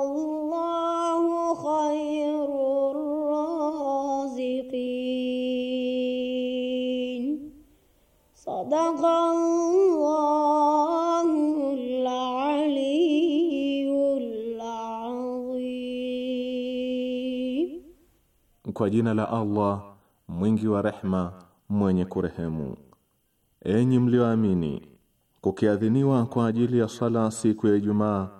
wallahu khairur raziqin. Sadaqallahul aliyyul azim. Kwa jina la Allah mwingi wa rehma mwenye kurehemu. Enyi mlioamini, kukiadhiniwa kwa ajili ya sala siku ya Ijumaa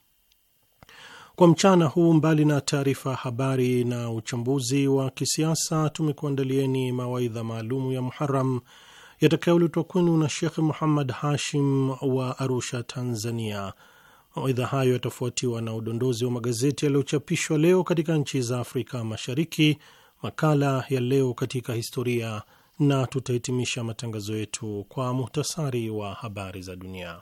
Kwa mchana huu, mbali na taarifa ya habari na uchambuzi wa kisiasa, tumekuandalieni mawaidha maalumu ya Muharam yatakayoletwa kwenu na Shekh Muhammad Hashim wa Arusha, Tanzania. Mawaidha hayo yatafuatiwa na udondozi wa magazeti yaliyochapishwa leo katika nchi za Afrika Mashariki, makala ya leo katika historia, na tutahitimisha matangazo yetu kwa muhtasari wa habari za dunia.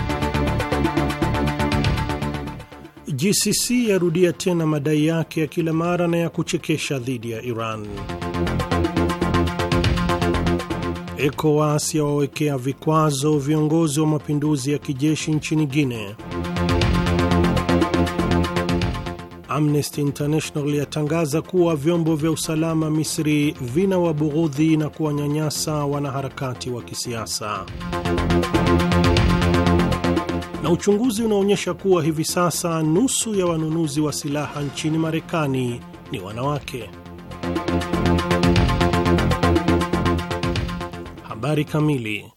GCC yarudia tena madai yake ya kila mara na ya kuchekesha dhidi ya Iran. ECOWAS yawawekea vikwazo viongozi wa mapinduzi ya kijeshi nchini Guinea. Amnesty International yatangaza kuwa vyombo vya usalama Misri vina wabughudhi na kuwanyanyasa wanaharakati wa kisiasa uchunguzi unaonyesha kuwa hivi sasa nusu ya wanunuzi wa silaha nchini Marekani ni wanawake. Habari kamili.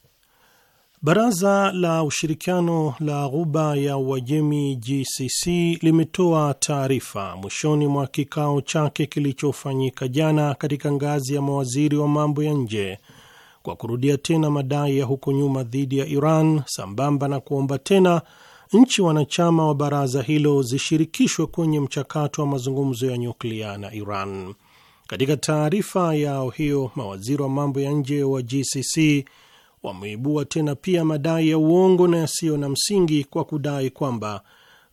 Baraza la Ushirikiano la Ghuba ya Uajemi GCC limetoa taarifa mwishoni mwa kikao chake kilichofanyika jana katika ngazi ya mawaziri wa mambo ya nje kwa kurudia tena madai ya huko nyuma dhidi ya Iran sambamba na kuomba tena nchi wanachama wa baraza hilo zishirikishwe kwenye mchakato wa mazungumzo ya nyuklia na Iran. Katika taarifa yao hiyo, mawaziri wa mambo ya nje wa GCC wameibua tena pia madai ya uongo na yasiyo na msingi kwa kudai kwamba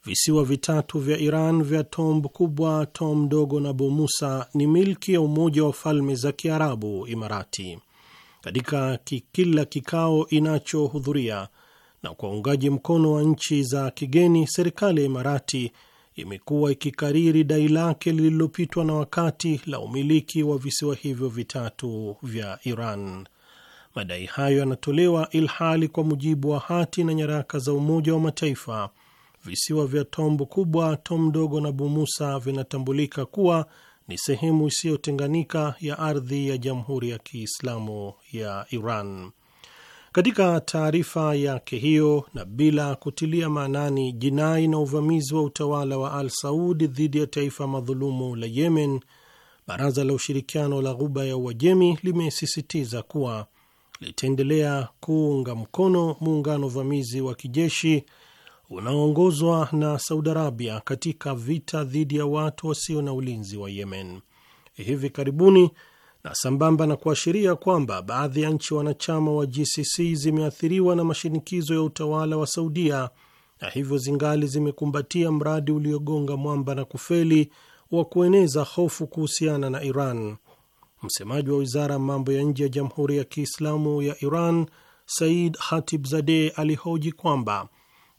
visiwa vitatu vya Iran vya Tom Kubwa, Tom Ndogo na Bomusa ni milki ya Umoja wa Falme za Kiarabu, Imarati katika kila kikao inachohudhuria na kwa uungaji mkono wa nchi za kigeni, serikali ya Imarati imekuwa ikikariri dai lake lililopitwa na wakati la umiliki wa visiwa hivyo vitatu vya Iran. Madai hayo yanatolewa ilhali, kwa mujibu wa hati na nyaraka za Umoja wa Mataifa, visiwa vya Tom Kubwa, Tom Dogo na Bumusa vinatambulika kuwa ni sehemu isiyotenganika ya ardhi ya Jamhuri ya Kiislamu ya Iran. Katika taarifa yake hiyo, na bila kutilia maanani jinai na uvamizi wa utawala wa Al saud dhidi ya taifa madhulumu la Yemen, Baraza la Ushirikiano la Ghuba ya Uajemi limesisitiza kuwa litaendelea kuunga mkono muungano vamizi wa kijeshi unaoongozwa na Saudi Arabia katika vita dhidi ya watu wasio na ulinzi wa Yemen hivi karibuni, na sambamba na kuashiria kwamba baadhi ya nchi wanachama wa GCC zimeathiriwa na mashinikizo ya utawala wa Saudia na hivyo zingali zimekumbatia mradi uliogonga mwamba na kufeli wa kueneza hofu kuhusiana na Iran. Msemaji wa wizara ya mambo ya nje ya Jamhuri ya Kiislamu ya Iran Said hatib zade alihoji kwamba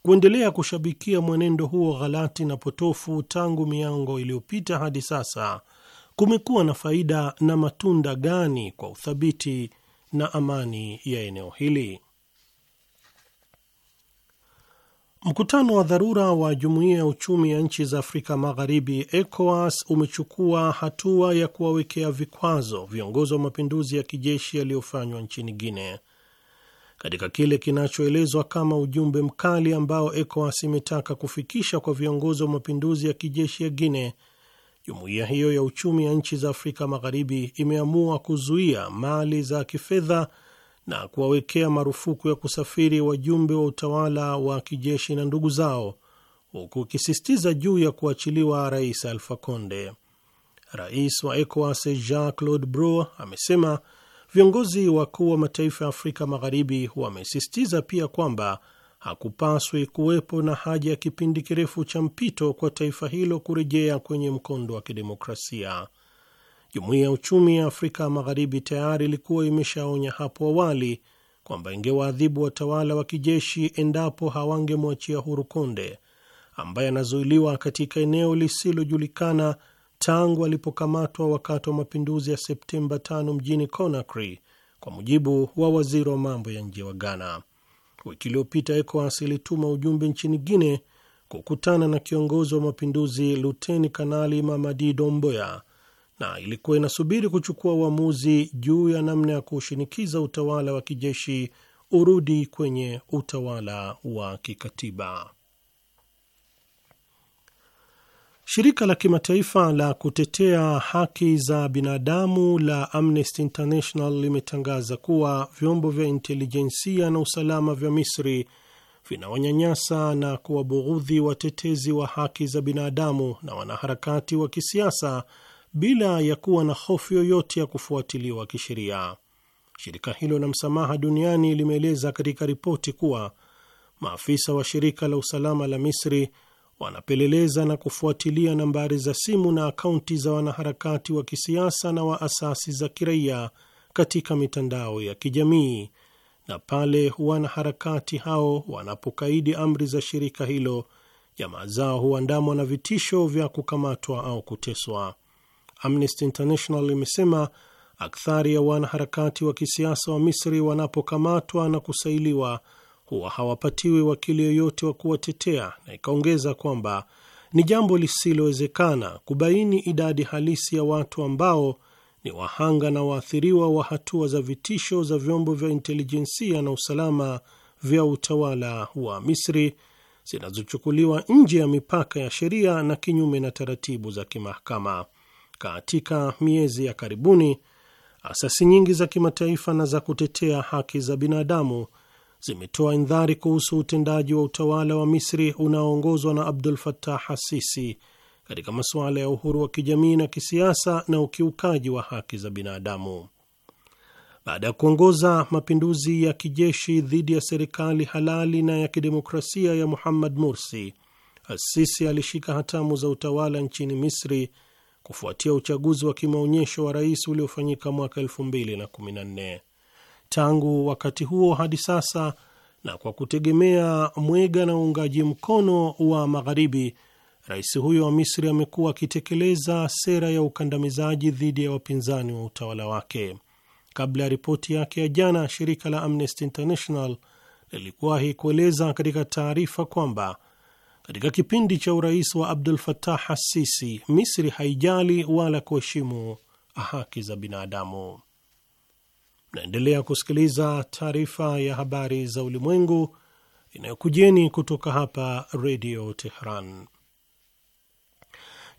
Kuendelea kushabikia mwenendo huo ghalati na potofu tangu miango iliyopita hadi sasa kumekuwa na faida na matunda gani kwa uthabiti na amani ya eneo hili? Mkutano wa dharura wa Jumuiya ya Uchumi ya Nchi za Afrika Magharibi, ECOWAS, umechukua hatua ya kuwawekea vikwazo viongozi wa mapinduzi ya kijeshi yaliyofanywa nchini Guinea katika kile kinachoelezwa kama ujumbe mkali ambao ECOWAS imetaka kufikisha kwa viongozi wa mapinduzi ya kijeshi ya Guinea. Jumuiya hiyo ya uchumi ya nchi za Afrika Magharibi imeamua kuzuia mali za kifedha na kuwawekea marufuku ya kusafiri wajumbe wa utawala wa kijeshi na ndugu zao, huku ikisisitiza juu ya kuachiliwa Rais Alpha Conde. Rais wa ECOWAS Jean Claude Bro amesema Viongozi wakuu wa mataifa ya Afrika Magharibi wamesisitiza pia kwamba hakupaswi kuwepo na haja ya kipindi kirefu cha mpito kwa taifa hilo kurejea kwenye mkondo wa kidemokrasia. Jumuiya ya Uchumi ya Afrika Magharibi tayari ilikuwa imeshaonya hapo awali kwamba ingewaadhibu watawala wa kijeshi endapo hawangemwachia huru Konde ambaye anazuiliwa katika eneo lisilojulikana tangu alipokamatwa wakati wa mapinduzi ya Septemba 5 mjini Conakry, kwa mujibu wa waziri wa mambo ya nje wa Ghana. Wiki iliyopita ECOWAS ilituma ujumbe nchini Guine kukutana na kiongozi wa mapinduzi Luteni Kanali Mamadi Domboya na ilikuwa inasubiri kuchukua uamuzi juu ya namna ya kushinikiza utawala wa kijeshi urudi kwenye utawala wa kikatiba. Shirika la kimataifa la kutetea haki za binadamu la Amnesty International limetangaza kuwa vyombo vya intelijensia na usalama vya Misri vinawanyanyasa na kuwabughudhi watetezi wa haki za binadamu na wanaharakati wa kisiasa bila ya kuwa na hofu yoyote ya kufuatiliwa kisheria. Shirika hilo la msamaha duniani limeeleza katika ripoti kuwa maafisa wa shirika la usalama la Misri wanapeleleza na kufuatilia nambari za simu na akaunti za wanaharakati wa kisiasa na wa asasi za kiraia katika mitandao ya kijamii, na pale wanaharakati hao wanapokaidi amri za shirika hilo, jamaa zao huandamwa na vitisho vya kukamatwa au kuteswa. Amnesty International imesema akthari ya wanaharakati wa kisiasa wa Misri wanapokamatwa na kusailiwa huwa hawapatiwi wakili yoyote wa kuwatetea, na ikaongeza kwamba ni jambo lisilowezekana kubaini idadi halisi ya watu ambao ni wahanga na waathiriwa wa hatua za vitisho za vyombo vya intelijensia na usalama vya utawala wa Misri zinazochukuliwa nje ya mipaka ya sheria na kinyume na taratibu za kimahakama. Katika miezi ya karibuni, asasi nyingi za kimataifa na za kutetea haki za binadamu zimetoa indhari kuhusu utendaji wa utawala wa Misri unaoongozwa na Abdul fatah Assisi katika masuala ya uhuru wa kijamii na kisiasa na ukiukaji wa haki za binadamu. Baada ya kuongoza mapinduzi ya kijeshi dhidi ya serikali halali na ya kidemokrasia ya Muhammad Mursi, Assisi alishika hatamu za utawala nchini Misri kufuatia uchaguzi wa kimaonyesho wa rais uliofanyika mwaka 2014. Tangu wakati huo hadi sasa, na kwa kutegemea mwega na uungaji mkono wa Magharibi, rais huyo wa Misri amekuwa akitekeleza sera ya ukandamizaji dhidi ya wapinzani wa utawala wake. Kabla ya ripoti yake ya jana, shirika la Amnesty International lilikuwahi kueleza katika taarifa kwamba katika kipindi cha urais wa Abdul fatah Assisi, Misri haijali wala kuheshimu haki za binadamu. Naendelea kusikiliza taarifa ya habari za ulimwengu inayokujeni kutoka hapa Redio Tehran.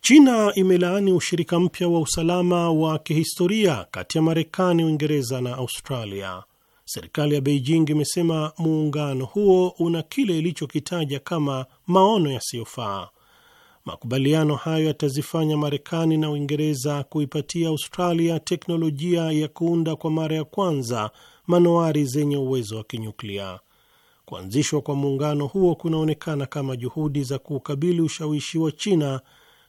China imelaani ushirika mpya wa usalama wa kihistoria kati ya Marekani, Uingereza na Australia. Serikali ya Beijing imesema muungano huo una kile ilichokitaja kama maono yasiyofaa Makubaliano hayo yatazifanya Marekani na Uingereza kuipatia Australia teknolojia ya kuunda kwa mara ya kwanza manowari zenye uwezo wa kinyuklia. Kuanzishwa kwa muungano huo kunaonekana kama juhudi za kuukabili ushawishi wa China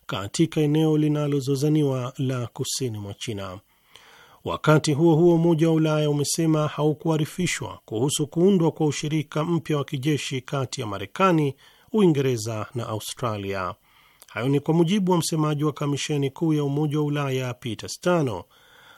katika eneo linalozozaniwa la kusini mwa China. Wakati huo huo, Umoja wa Ulaya umesema haukuarifishwa kuhusu kuundwa kwa ushirika mpya wa kijeshi kati ya Marekani, Uingereza na Australia. Hayo ni kwa mujibu wa msemaji wa kamisheni kuu ya Umoja wa Ulaya Peter Stano,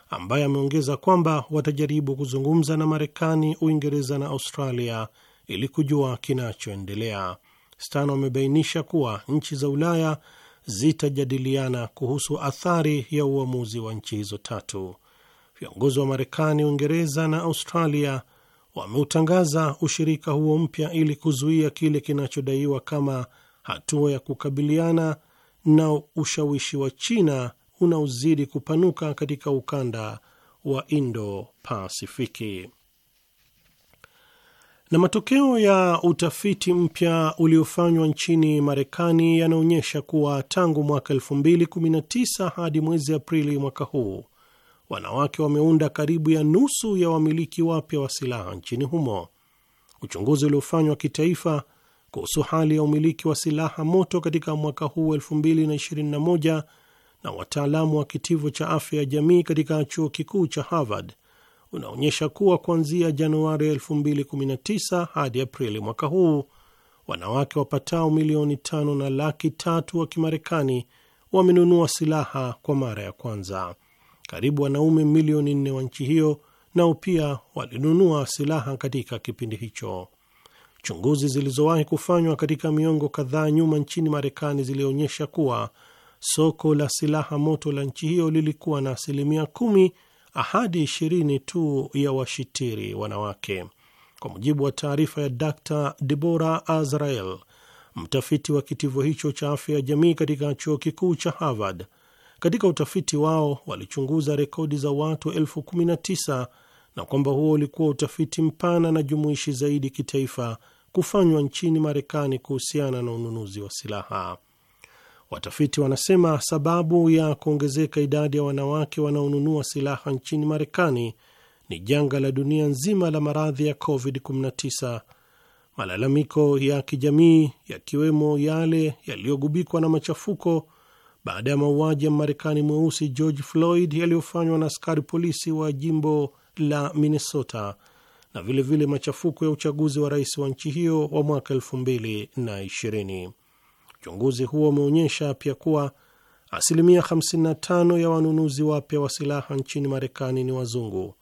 ambaye ameongeza kwamba watajaribu kuzungumza na Marekani, Uingereza na Australia ili kujua kinachoendelea. Stano amebainisha kuwa nchi za Ulaya zitajadiliana kuhusu athari ya uamuzi wa nchi hizo tatu. Viongozi wa Marekani, Uingereza na Australia wameutangaza ushirika huo mpya ili kuzuia kile kinachodaiwa kama hatua ya kukabiliana na ushawishi wa China unaozidi kupanuka katika ukanda wa Indo-Pasifiki. Na matokeo ya utafiti mpya uliofanywa nchini Marekani yanaonyesha kuwa tangu mwaka 2019 hadi mwezi Aprili mwaka huu wanawake wameunda karibu ya nusu ya wamiliki wapya wa silaha nchini humo. Uchunguzi uliofanywa kitaifa kuhusu hali ya umiliki wa silaha moto katika mwaka huu 2021 na wataalamu wa kitivo cha afya ya jamii katika chuo kikuu cha Harvard unaonyesha kuwa kuanzia Januari 2019 hadi Aprili mwaka huu wanawake wapatao milioni tano na laki tatu wa Kimarekani wamenunua silaha kwa mara ya kwanza. Karibu wanaume milioni nne wa nchi hiyo nao pia walinunua silaha katika kipindi hicho. Chunguzi zilizowahi kufanywa katika miongo kadhaa nyuma nchini Marekani zilionyesha kuwa soko la silaha moto la nchi hiyo lilikuwa na asilimia kumi ahadi ishirini tu ya washitiri wanawake. Kwa mujibu wa taarifa ya Dr Debora Azrael, mtafiti wa kitivo hicho cha afya ya jamii katika chuo kikuu cha Harvard, katika utafiti wao walichunguza rekodi za watu elfu kumi na tisa na kwamba huo ulikuwa utafiti mpana na jumuishi zaidi kitaifa kufanywa nchini Marekani kuhusiana na ununuzi wa silaha. Watafiti wanasema sababu ya kuongezeka idadi ya wanawake wanaonunua silaha nchini Marekani ni janga la dunia nzima la maradhi ya COVID-19, malalamiko ya kijamii yakiwemo yale yaliyogubikwa na machafuko baada ya mauaji ya Marekani mweusi George Floyd yaliyofanywa na askari polisi wa jimbo la Minnesota na vilevile vile machafuko ya uchaguzi wa rais wa nchi hiyo wa mwaka ishirini. Uchunguzi huo umeonyesha pia kuwa asilimia 55 ya wanunuzi wapya wa silaha nchini Marekani ni wazungu,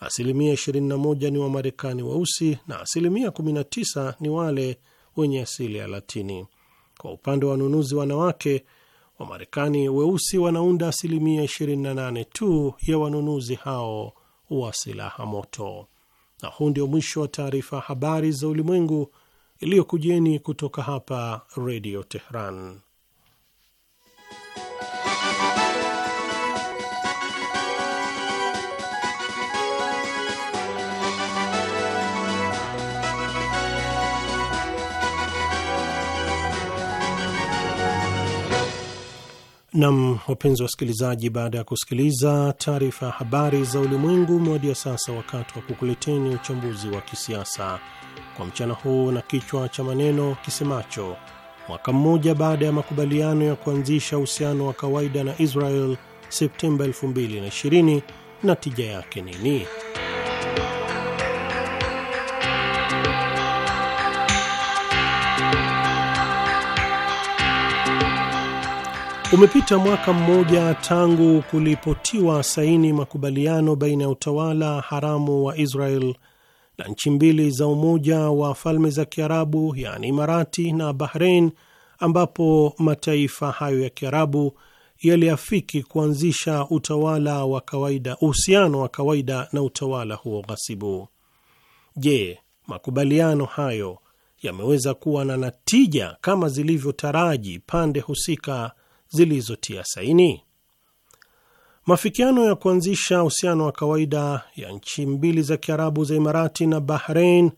asilimia 21 ni Wamarekani weusi na asilimia 19 ni wale wenye asili ya Latini. Kwa upande wa wanunuzi wanawake Wamarekani weusi wanaunda asilimia 28 tu ya wanunuzi hao wa silaha moto. Na huu ndio mwisho wa taarifa habari za ulimwengu iliyokujeni kutoka hapa Redio Tehran. Nam, wapenzi wasikilizaji, baada ya kusikiliza taarifa ya habari za ulimwengu, umewadia sasa wakati wa kukuleteni uchambuzi wa kisiasa kwa mchana huu, na kichwa cha maneno kisemacho mwaka mmoja baada ya makubaliano ya kuanzisha uhusiano wa kawaida na Israel Septemba 2020 na tija yake nini? Umepita mwaka mmoja tangu kulipotiwa saini makubaliano baina ya utawala haramu wa Israel na nchi mbili za Umoja wa Falme za Kiarabu, yaani Imarati na Bahrein, ambapo mataifa hayo ya Kiarabu yaliafiki kuanzisha utawala wa kawaida, uhusiano wa kawaida na utawala huo ghasibu. Je, makubaliano hayo yameweza kuwa na natija kama zilivyotaraji pande husika zilizotia saini. Mafikiano ya kuanzisha uhusiano wa kawaida ya nchi mbili za Kiarabu za Imarati na bahrein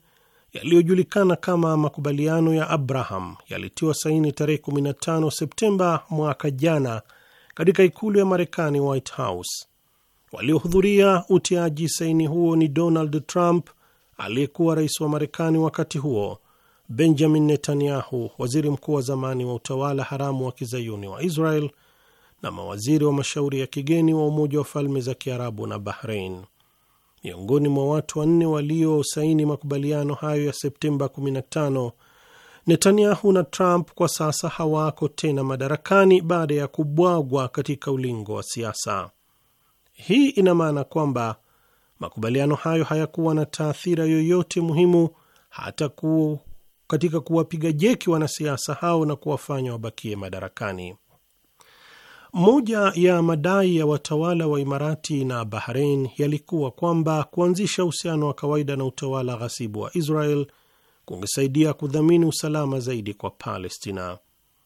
yaliyojulikana kama makubaliano ya Abraham yalitiwa saini tarehe 15 Septemba mwaka jana katika ikulu ya Marekani, White House. Waliohudhuria utiaji saini huo ni Donald Trump aliyekuwa rais wa Marekani wakati huo Benjamin Netanyahu, waziri mkuu wa zamani wa utawala haramu wa kizayuni wa Israel, na mawaziri wa mashauri ya kigeni wa Umoja wa Falme za Kiarabu na bahrein Miongoni mwa watu wanne waliosaini makubaliano hayo ya Septemba 15, Netanyahu na Trump kwa sasa hawako tena madarakani baada ya kubwagwa katika ulingo wa siasa. Hii ina maana kwamba makubaliano hayo hayakuwa na taathira yoyote muhimu hata ku katika kuwapiga jeki wanasiasa hao na kuwafanya wabakie madarakani. Moja ya madai ya watawala wa Imarati na Bahrain yalikuwa kwamba kuanzisha uhusiano wa kawaida na utawala ghasibu wa Israel kungesaidia kudhamini usalama zaidi kwa Palestina.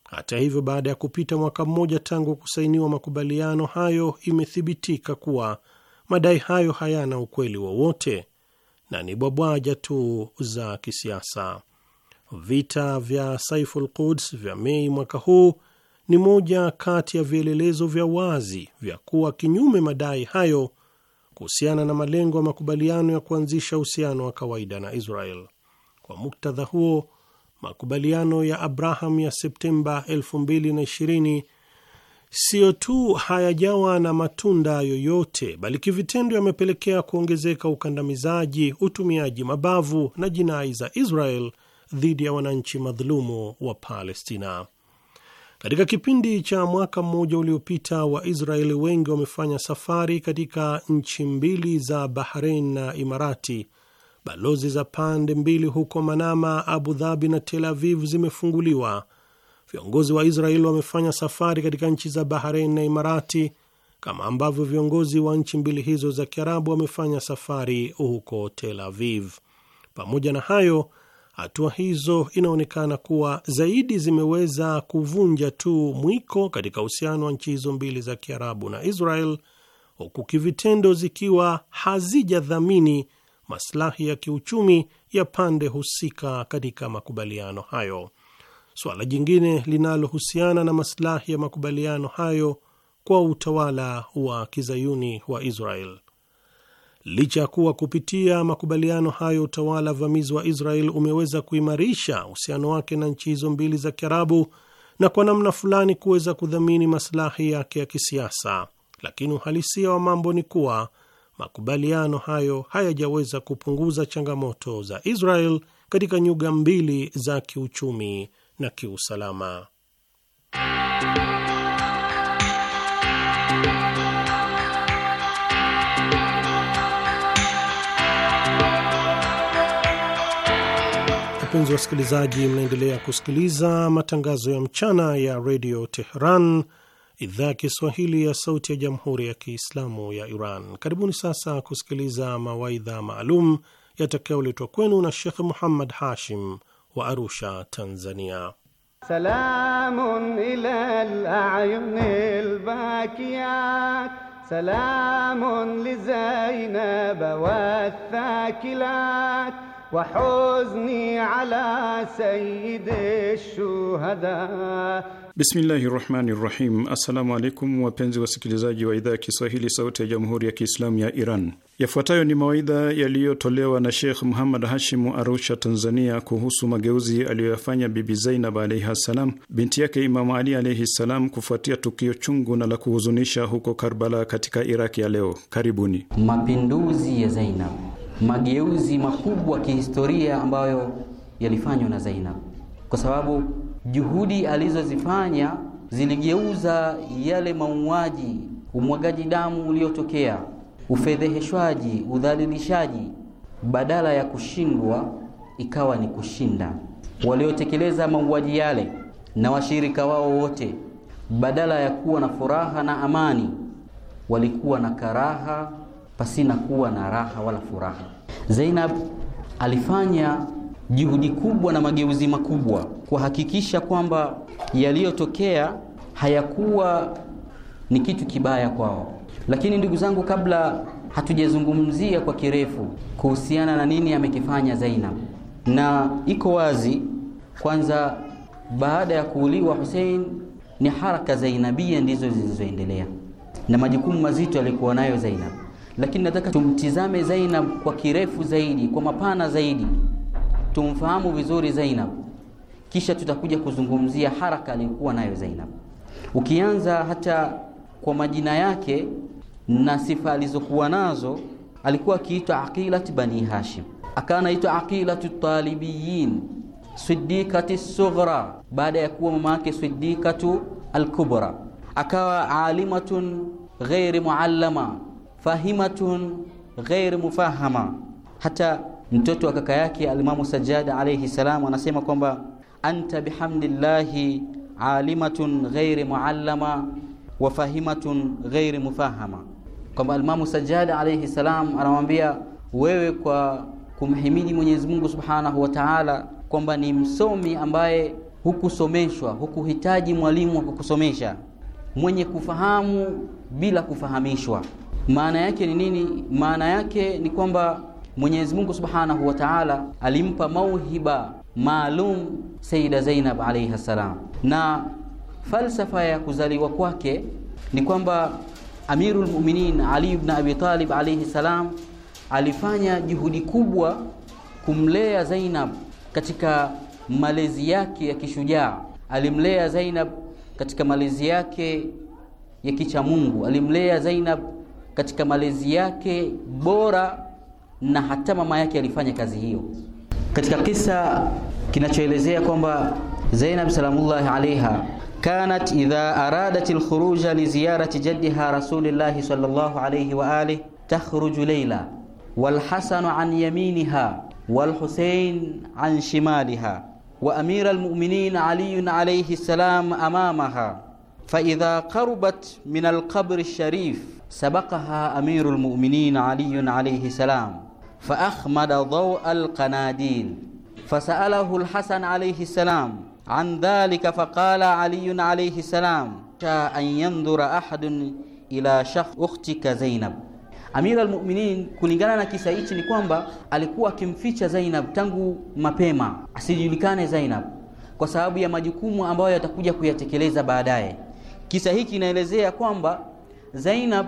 Hata hivyo, baada ya kupita mwaka mmoja tangu kusainiwa makubaliano hayo, imethibitika kuwa madai hayo hayana ukweli wowote na ni bwabwaja tu za kisiasa. Vita vya Saiful Quds vya Mei mwaka huu ni moja kati ya vielelezo vya wazi vya kuwa kinyume madai hayo kuhusiana na malengo ya makubaliano ya kuanzisha uhusiano wa kawaida na Israel. Kwa muktadha huo, makubaliano ya Abraham ya Septemba 2020 siyo tu hayajawa na matunda yoyote, bali kivitendo yamepelekea kuongezeka ukandamizaji, utumiaji mabavu na jinai za Israel dhidi ya wananchi madhulumu wa Palestina. Katika kipindi cha mwaka mmoja uliopita, Waisraeli wengi wamefanya safari katika nchi mbili za bahrein na Imarati. Balozi za pande mbili huko Manama, Abu Dhabi na Tel Aviv zimefunguliwa. Viongozi wa Israeli wamefanya safari katika nchi za bahrein na Imarati kama ambavyo viongozi wa nchi mbili hizo za Kiarabu wamefanya safari huko Tel Aviv. Pamoja na hayo hatua hizo inaonekana kuwa zaidi zimeweza kuvunja tu mwiko katika uhusiano wa nchi hizo mbili za Kiarabu na Israel, huku kivitendo zikiwa hazijadhamini maslahi ya kiuchumi ya pande husika katika makubaliano hayo. Suala jingine linalohusiana na maslahi ya makubaliano hayo kwa utawala wa kizayuni wa Israel licha ya kuwa kupitia makubaliano hayo utawala vamizi wa Israel umeweza kuimarisha uhusiano wake na nchi hizo mbili za Kiarabu na kwa namna fulani kuweza kudhamini masilahi yake ya kisiasa, lakini uhalisia wa mambo ni kuwa makubaliano hayo hayajaweza kupunguza changamoto za Israel katika nyuga mbili za kiuchumi na kiusalama. wapenzi wasikilizaji, mnaendelea kusikiliza matangazo ya mchana ya redio Teheran, idhaa ya Kiswahili ya sauti ya jamhuri ya Kiislamu ya Iran. Karibuni sasa kusikiliza mawaidha maalum yatakayoletwa kwenu na Shekh Muhammad Hashim wa Arusha, Tanzania. Salamun ilal ayunil bakiyat Salamun Wahuzni ala sayyidi shuhada. Bismillahi rahmani rahim. Assalamu alaikum wapenzi wasikilizaji wa idhaa ya Kiswahili sauti ya jamhuri ya Kiislamu ya Iran. Yafuatayo ni mawaidha yaliyotolewa na Sheikh Muhammad Hashimu Arusha, Tanzania, kuhusu mageuzi aliyoyafanya Bibi Zainab alaihi ssalam, binti yake Imamu Ali alaihi ssalam, kufuatia tukio chungu na la kuhuzunisha huko Karbala katika Iraki ya leo. Karibuni. Mapinduzi ya Zainab mageuzi makubwa kihistoria ambayo yalifanywa na Zainab, kwa sababu juhudi alizozifanya ziligeuza yale mauaji, umwagaji damu uliotokea, ufedheheshwaji, udhalilishaji, badala ya kushindwa ikawa ni kushinda. Waliotekeleza mauaji yale na washirika wao wote, badala ya kuwa na furaha na amani, walikuwa na karaha pasina kuwa na raha wala furaha. Zainab alifanya juhudi kubwa na mageuzi makubwa kuhakikisha kwamba yaliyotokea hayakuwa ni kitu kibaya kwao. Lakini ndugu zangu, kabla hatujazungumzia kwa kirefu kuhusiana na nini amekifanya Zainab, na iko wazi kwanza, baada ya kuuliwa Hussein ni haraka Zainabia ndizo zilizoendelea na majukumu mazito alikuwa nayo Zainab lakini nataka tumtizame Zainab kwa kirefu zaidi, kwa mapana zaidi, tumfahamu vizuri Zainab, kisha tutakuja kuzungumzia haraka aliyokuwa nayo Zainab. Ukianza hata kwa majina yake na sifa alizokuwa nazo, alikuwa akiitwa Aqilat Bani Hashim, akawa anaitwa aqilat Talibiyin, Siddiqati Sughra baada ya kuwa mama yake Siddiqatu Alkubra, akawa alimatun ghairi muallama fahimatun ghair mufahama. Hata mtoto wa kaka yake alimamu Sajjada alayhi salam anasema kwamba anta bihamdillahi alimatun ghairi muallama wa fahimatun ghairi mufahama, kwamba alimamu Sajjada alayhi salam anamwambia wewe kwa kumhimidi Mwenyezi Mungu Subhanahu wa Ta'ala kwamba ni msomi ambaye hukusomeshwa, hukuhitaji mwalimu wa kukusomesha, mwenye kufahamu bila kufahamishwa. Maana yake ni nini? Maana yake ni kwamba Mwenyezi Mungu Subhanahu wa Ta'ala alimpa mauhiba maalum Sayyida Zainab alayha salam, na falsafa ya kuzaliwa kwake ni kwamba Amirul Mu'minin Ali ibn Abi Talib alayhi salam alifanya juhudi kubwa kumlea Zainab katika malezi yake ya kishujaa. Alimlea Zainab katika malezi yake ya kicha Mungu, alimlea Zainab katika malezi yake bora na hata mama yake alifanya kazi hiyo. Katika kisa kinachoelezea kwamba Zainab salamullahi alaiha kanat idha aradat alkhuruja liziyarati jaddiha rasulillahi sallallahu alayhi wa alihi takhruju layla walhasanu an yaminiha walhusain an shimaliha wa amira almu'minin aliyun alayhi salam amamaha fa idha qarabat min alqabr alsharif sabaqaha amiru lmuminin aliyun alayhi salam faahmada dhawa alqanadil fasalahu lhasan alayhi salam an dhalika faqala aliyun alayhi salam sha an yandhura ahadun ila shakh ukhtika Zainab. Amira almuminin, kulingana na kisa hichi ni kwamba alikuwa akimficha Zainab tangu mapema asijulikane Zainab kwa sababu ya majukumu ambayo yatakuja kuyatekeleza baadaye. Kisa hiki inaelezea kwamba Zainab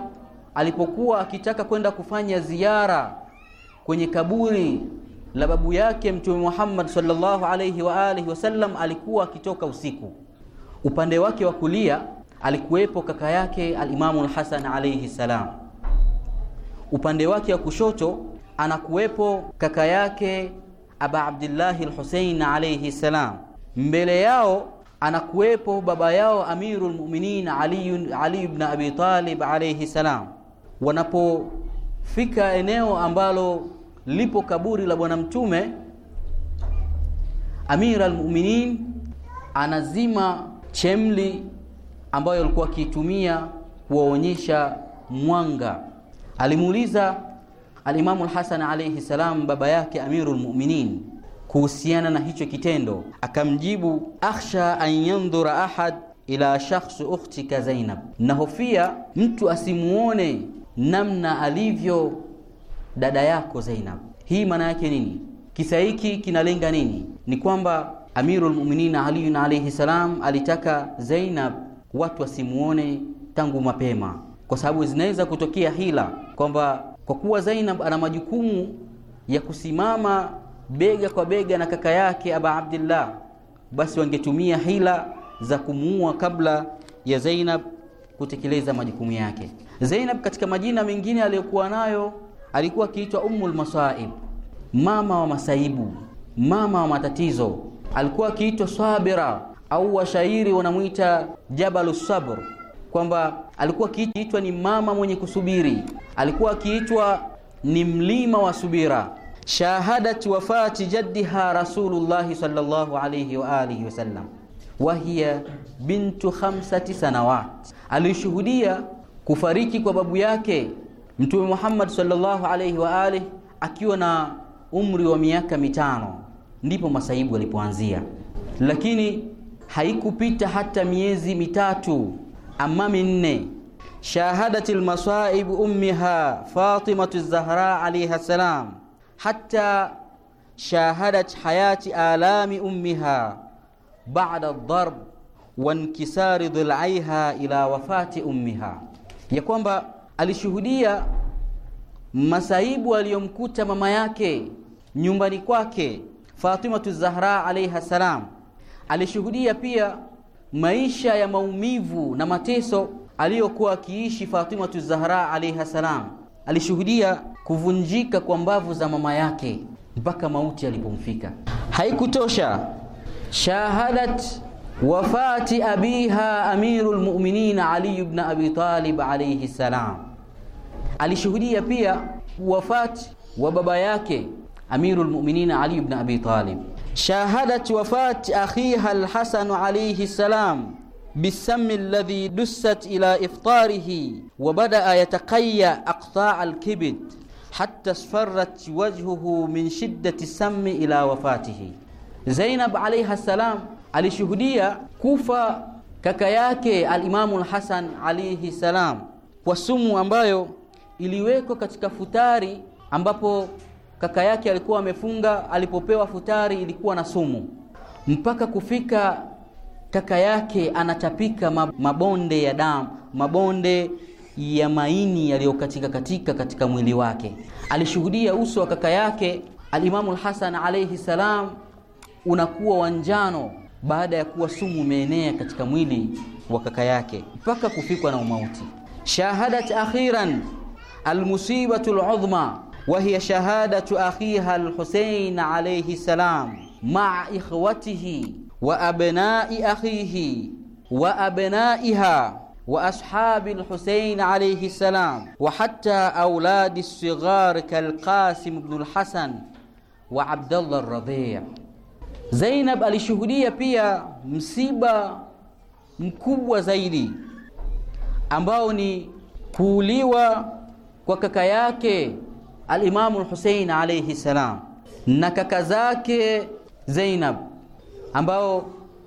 alipokuwa akitaka kwenda kufanya ziara kwenye kaburi la babu yake Mtume Muhammad sallallahu alayhi wa alihi wasallam, alikuwa akitoka usiku. Upande wake wa kulia alikuwepo kaka yake Alimamu Alhasan alayhi salam, upande wake wa kushoto anakuwepo kaka yake Aba Abdillahi Alhusein alayhi salam, mbele yao anakuwepo baba yao Amirul Mu'minin Ali, Ali ibn Abi Talib alayhi salam. Wanapofika eneo ambalo lipo kaburi la Bwana Mtume, Amirul Mu'minin anazima chemli ambayo alikuwa akitumia kuwaonyesha mwanga. Alimuuliza Alimamu Al-Hasan alayhi salam baba yake Amirul Mu'minin kuhusiana na hicho kitendo. Akamjibu, akhsha an yandhura ahad ila shakhsi ukhtika Zainab, nahofia mtu asimuone namna alivyo dada yako Zainab. Hii maana yake nini? Kisa hiki kinalenga nini? Ni kwamba Amirul Mu'minin Ali alayhi salam alitaka Zainab watu wasimuone tangu mapema, kwa sababu zinaweza kutokea hila kwamba kwa kuwa Zainab ana majukumu ya kusimama bega kwa bega na kaka yake Aba Abdillah, basi wangetumia hila za kumuua kabla ya Zainab kutekeleza majukumu yake. Zainab katika majina mengine aliyokuwa nayo alikuwa akiitwa Ummul Masaib, mama wa masaibu, mama wa matatizo. Alikuwa akiitwa Sabira au washairi wanamwita Jabalu Sabr, kwamba alikuwa akiitwa ni mama mwenye kusubiri, alikuwa akiitwa ni mlima wa subira shahadat wafati jaddiha rasulullahi sallallahu alayhi wa alihi wasallam wa hiya bintu khamsati sanawat, alishuhudia kufariki kwa babu yake Mtume Muhammad sallallahu alayhi wa alihi akiwa na umri wa miaka mitano, ndipo masaibu yalipoanzia, lakini haikupita hata miezi mitatu ama minne shahadat almasaib ummiha Fatimatu Zahra alayha salam hatta shahadat hayati alami ummiha baada ldarb wa inkisari dhilaiha ila wafati ummiha, ya kwamba alishuhudia masaibu aliyomkuta mama yake nyumbani kwake Fatimatu Zahra alaiha salam. Alishuhudia pia maisha ya maumivu na mateso aliyokuwa akiishi Fatimatu Zahra alaiha salam. Alishuhudia kuvunjika kwa mbavu za mama yake mpaka mauti alipomfika. Haikutosha, shahadat wafati abiha amirul mu'minin Ali ibn Abi Talib alayhi salam, alishuhudia pia wafati wa baba yake amirul mu'minin Ali ibn Abi Talib. Shahadat wafati akhiha al alayhi salam bisami alladhi dussat ila iftarihi wa badaa yatakaya aqtaa al-kibd hatta sfarat wajhuhu min shiddati sami ila wafatihi. Zainab alayha salam alishuhudia kufa kaka yake alimamu lhasan alayhi salam kwa sumu ambayo iliwekwa katika futari ambapo kaka yake alikuwa amefunga. Alipopewa futari ilikuwa na sumu, mpaka kufika kaka yake anatapika mabonde ya damu, mabonde ya maini yaliyokatika katika katika mwili wake. Alishuhudia uso wa kaka yake Alimamu Hasan alaihi salam unakuwa wa njano baada ya kuwa sumu umeenea katika mwili wa kaka yake mpaka kufikwa na umauti. shahadat akhiran almusibatu ludhma wa hiya shahadatu akhiha lhusein alaihi salam maa ikhwatihi wa abnai akhihi wa abnaiha wa الحسين عليه السلام salam اولاد الصغار auladi بن الحسن bnu lhasan الرضيع زينب radhi. alishuhudia pia msiba mkubwa zaidi ambao ni kuuliwa kwa kaka yake alimamu Hussein alayhi salam na kaka zake Zainab ambao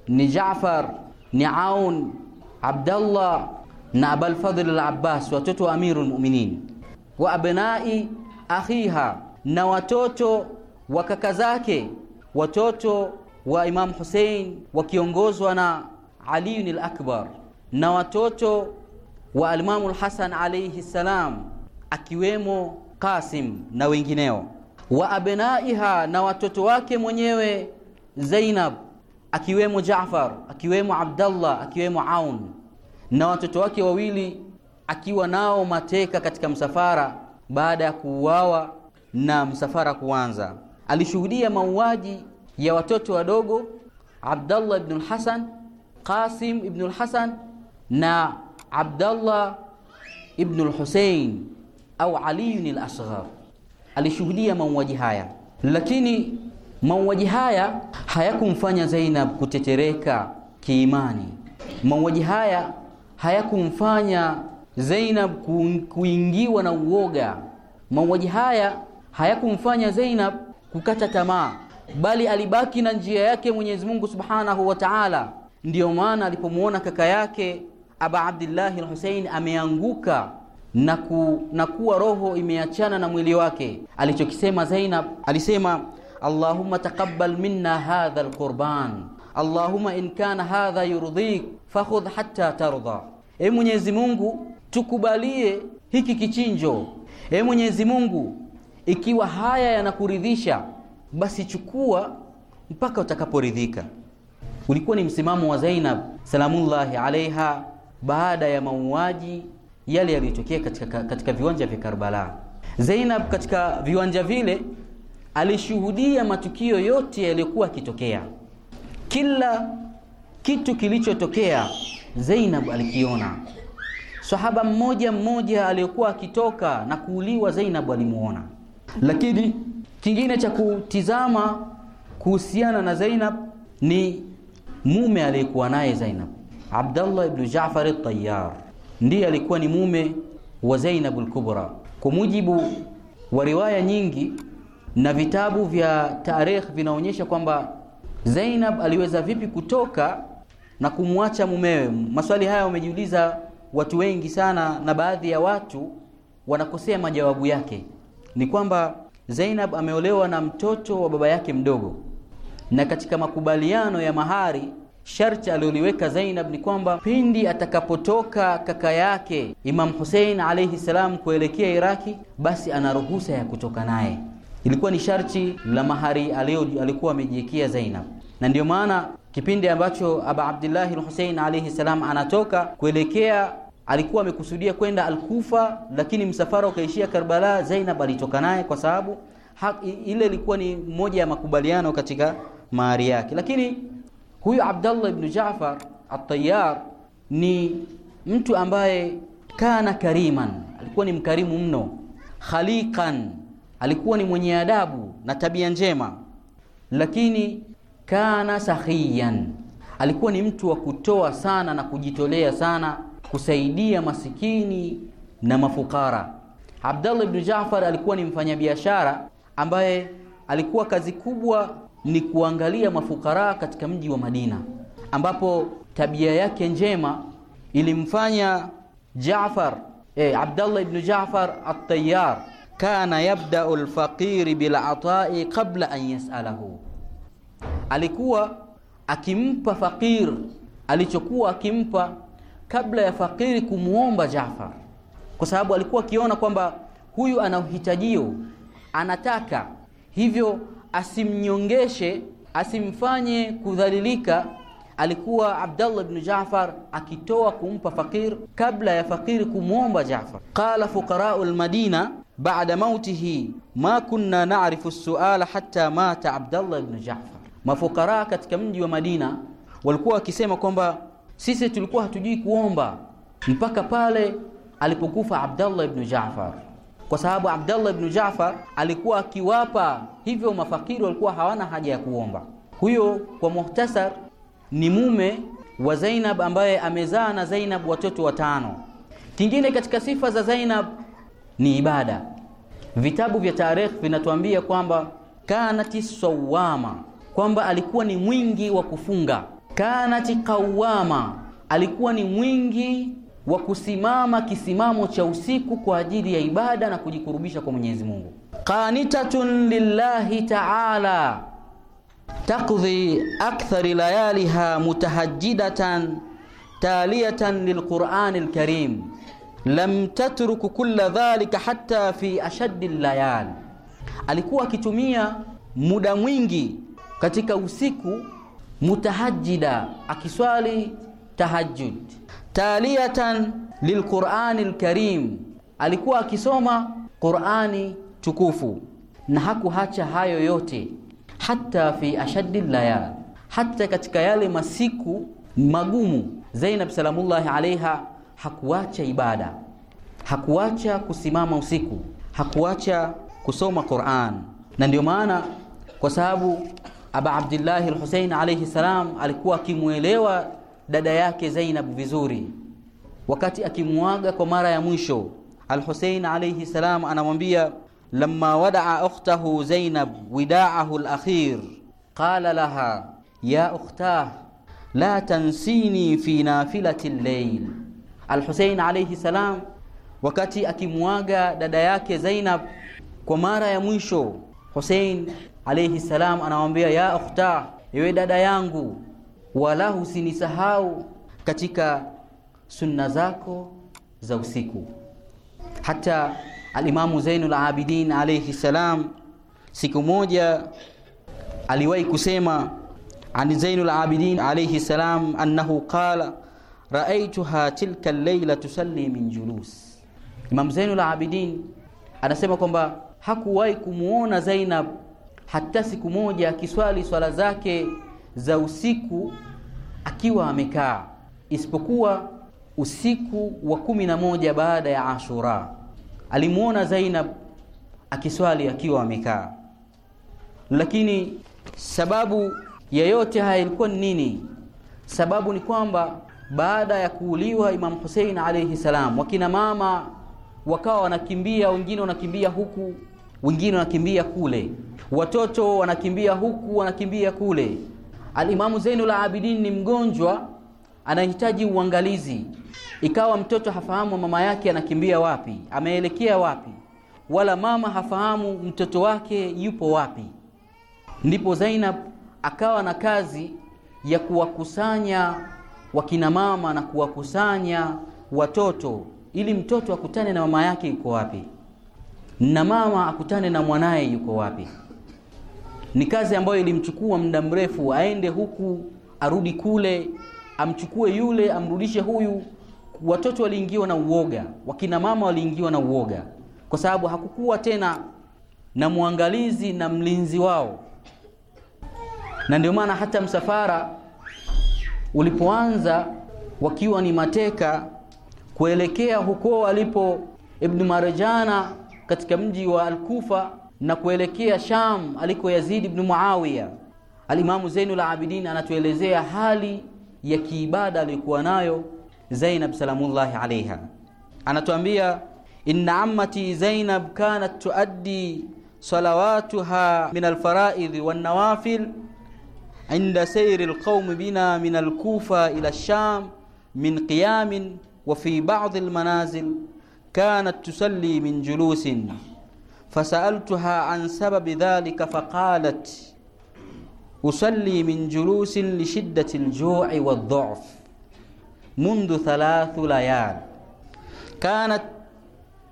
ni Jaafar, ni Aun Abdallah na Abalfadhl al-Abbas, watoto wa Amirul Mu'minin, wa abnai akhiha, na watoto wa kaka zake, watoto wa Imam Hussein wakiongozwa na Ali al-Akbar, na watoto wa Imam al-Hasan alayhi salam, akiwemo Qasim na wengineo, wa abnaiha, na watoto wake mwenyewe Zainab akiwemo Jaafar, akiwemo Abdallah, akiwemo Aun na watoto wake wawili, akiwa nao mateka katika msafara baada ya kuuawa na msafara kuanza. Alishuhudia mauaji ya watoto wadogo Abdallah ibn al-Hasan, Qasim ibn al-Hasan na Abdallah ibn al-Husayn au Ali al-Asghar. Alishuhudia mauaji haya lakini Mauaji haya hayakumfanya Zainab kutetereka kiimani. Mauaji haya hayakumfanya Zainab kuingiwa na uoga. Mauaji haya hayakumfanya Zainab kukata tamaa, bali alibaki na njia yake Mwenyezi Mungu Subhanahu wa Ta'ala. Ndiyo maana alipomwona kaka yake Aba Abdillahi al ameanguka na, ku, na kuwa roho imeachana na mwili wake, alichokisema Zainab alisema اللهم تقبل منا هذا القربان اللهم إن كان hadha يرضيك فخذ حتى ترضى E Mwenyezi Mungu tukubalie hiki kichinjo E Mwenyezi Mungu ikiwa haya yanakuridhisha basi chukua mpaka utakaporidhika ulikuwa ni msimamo wa Zainab salamullahi alaiha baada ya mauaji yale yaliyotokea katika, katika viwanja vya Karbala Zainab katika viwanja vile alishuhudia matukio yote yaliyokuwa akitokea Kila kitu kilichotokea Zainab alikiona. Sahaba mmoja mmoja aliyokuwa akitoka na kuuliwa, Zainab alimuona. Lakini kingine cha kutizama kuhusiana na Zainab ni mume aliyekuwa naye Zainab, Abdallah ibn Jaafar at-Tayyar ndiye alikuwa ni mume wa Zainab al-Kubra. Kwa mujibu wa riwaya nyingi na vitabu vya tarikh vinaonyesha kwamba Zainab aliweza vipi kutoka na kumwacha mumewe. Maswali haya wamejiuliza watu wengi sana, na baadhi ya watu wanakosea majawabu yake. Ni kwamba Zainab ameolewa na mtoto wa baba yake mdogo, na katika makubaliano ya mahari sharti aliyoliweka Zainab ni kwamba pindi atakapotoka kaka yake Imam Hussein alayhi salam kuelekea Iraki, basi ana ruhusa ya kutoka naye ilikuwa ni sharti la mahari aliyokuwa amejiekea Zainab, na ndio maana kipindi ambacho Aba Abdillahi Alhusein alayhi salam anatoka kuelekea alikuwa amekusudia kwenda Alkufa, lakini msafara ukaishia Karbala. Zainab alitoka naye kwa sababu ile ilikuwa ni moja ya makubaliano katika mahari yake. Lakini huyu Abdallah ibn Jaafar at ni mtu ambaye kana kariman, alikuwa ni mkarimu mno, khaliqan alikuwa ni mwenye adabu na tabia njema, lakini kana sahiyan, alikuwa ni mtu wa kutoa sana na kujitolea sana kusaidia masikini na mafukara. Abdallah ibn Jaafar alikuwa ni mfanyabiashara ambaye alikuwa kazi kubwa ni kuangalia mafukara katika mji wa Madina, ambapo tabia yake njema ilimfanya Jaafar eh, Abdallah ibn Jaafar at-Tayyar kana yabdau lfaqiri bilatai qabla an yasalahu, alikuwa akimpa faqir alichokuwa akimpa kabla ya faqiri kumwomba jafar kwa sababu alikuwa akiona kwamba huyu ana uhitajio, anataka hivyo, asimnyongeshe, asimfanye kudhalilika. Alikuwa Abdallah bnu Jaafar akitoa kumpa faqir kabla ya faqiri kumwomba Jaafar. Qala fuqarau lmadina baada mautihi ma kunna na'rifu suala hata mata Abdallah ibn jafar Mafukara katika mji wa Madina walikuwa wakisema kwamba sisi tulikuwa hatujui kuomba mpaka pale alipokufa Abdallah ibnu jafar kwa sababu Abdallah ibnu jafar alikuwa akiwapa hivyo mafakiri walikuwa hawana haja ya kuomba. Huyo kwa muhtasar ni mume wa Zainab ambaye amezaa na Zainab watoto watano. Kingine katika sifa za Zainab ni ibada. Vitabu vya tarikh vinatuambia kwamba kanati sawama, kwamba alikuwa ni mwingi wa kufunga. Kanati qawama, alikuwa ni mwingi wa kusimama kisimamo cha usiku kwa ajili ya ibada na kujikurubisha kwa Mwenyezi Mungu. Qanitatun lillahi ta'ala taqdi akthari layaliha mutahajjidatan taliyatan lilqur'anil karim lam tatruku kulla dhalika hata fi ashaddi layal, alikuwa akitumia muda mwingi katika usiku mutahajjida, akiswali tahajjud, taliatan lilqurani lkarim, alikuwa akisoma Qurani tukufu na hakuhacha hayo yote, hata fi ashaddi layal, hata katika yale masiku magumu. Zainab salamullahi alaiha hakuacha ibada, hakuacha kusimama usiku, hakuacha kusoma Qur'an. Na ndio maana kwa sababu Aba Abdillahi al-Husayn salam alikuwa akimwelewa dada yake Zainab vizuri. Wakati akimwaga kwa mara ya mwisho, al-Husayn salam anamwambia lamma wadaa ukhtahu Zainab widaahu lakhir qala laha ya ukhtah la tansini fi nafilati llail Al-Hussein alayhi salam wakati akimuaga dada yake Zainab kwa mara ya mwisho, Hussein alayhi salam anamwambia ya ukhta, ewe dada yangu, wala usinisahau katika sunna zako za usiku. Hata alimamu Zainul Abidin alayhi salam siku moja aliwahi kusema an Zainul Abidin alayhi salam annahu qala raaituha tilka llaila tusalli min julus. Imam Zainul Abidin anasema kwamba hakuwahi kumwona Zainab hata siku moja akiswali swala zake za usiku akiwa amekaa, isipokuwa usiku wa kumi na moja baada ya Ashura alimwona Zainab akiswali akiwa amekaa. Lakini sababu ya yote haya ilikuwa ni nini? Sababu ni kwamba baada ya kuuliwa Imam Hussein alayhi salam, wakina mama wakawa wanakimbia, wengine wanakimbia huku, wengine wanakimbia kule, watoto wanakimbia huku, wanakimbia kule. Alimamu Zainul Abidin ni mgonjwa, anahitaji uangalizi. Ikawa mtoto hafahamu mama yake anakimbia wapi, ameelekea wapi, wala mama hafahamu mtoto wake yupo wapi. Ndipo Zainab akawa na kazi ya kuwakusanya wakina mama na kuwakusanya watoto ili mtoto akutane na mama yake yuko wapi na mama akutane na mwanaye yuko wapi. Ni kazi ambayo ilimchukua muda mrefu, aende huku arudi kule, amchukue yule amrudishe huyu. Watoto waliingiwa na uoga, wakina mama waliingiwa na uoga, kwa sababu hakukuwa tena na mwangalizi na mlinzi wao, na ndio maana hata msafara ulipoanza wakiwa ni mateka kuelekea huko alipo Ibn Marjana katika mji wa Al-Kufa na kuelekea Sham aliko Yazid ibn Muawiya. Alimamu Zainul Abidin anatuelezea hali ya kiibada aliyokuwa nayo Zainab salamullahi alaiha, anatuambia inna ammati Zainab kanat tuaddi salawatuha min alfaraidhi wan nawafil عند سير القوم بنا من الكوفة إلى الشام من قيام وفي بعض المنازل كانت تسلي من جلوس فسألتها عن سبب ذلك فقالت أسلي من جلوس لشدة الجوع والضعف منذ ثلاث ليال كانت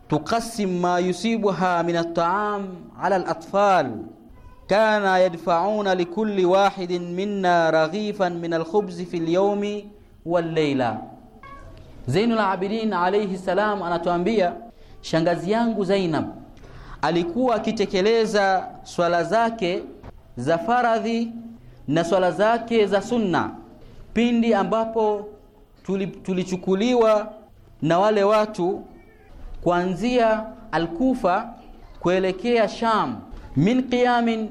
تقسم ما يصيبها من الطعام على الأطفال kana yadfauna likulli wahidin minna raghifan min alkhubzi fi lyaumi walleila. Zainul Abidin alayhi salam anatuambia shangazi yangu Zainab alikuwa akitekeleza swala zake za faradhi na swala zake za sunna pindi ambapo tulichukuliwa na wale watu kuanzia Alkufa kuelekea Sham min qiyamin,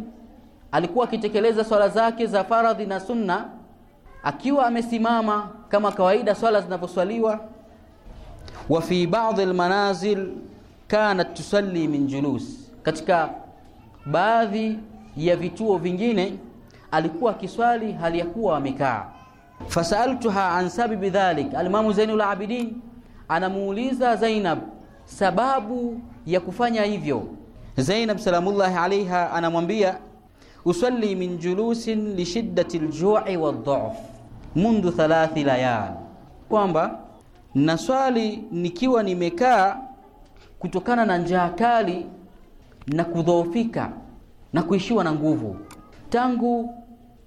alikuwa akitekeleza swala zake za faradhi na sunna akiwa amesimama kama kawaida swala zinavyoswaliwa. Wa fi baadhi almanazil kanat tusalli min julus, katika baadhi ya vituo vingine alikuwa akiswali hali ya kuwa amekaa. Fasaltuha an sababi dhalik, alimamu Zainul Abidin anamuuliza Zainab sababu ya kufanya hivyo Zainab salamullahi alaiha anamwambia usalli min julusin lishiddati ljui wadhaaf mundu thalathi layal, kwamba naswali nikiwa nimekaa kutokana na njaa kali na kudhoofika na kuishiwa na nguvu tangu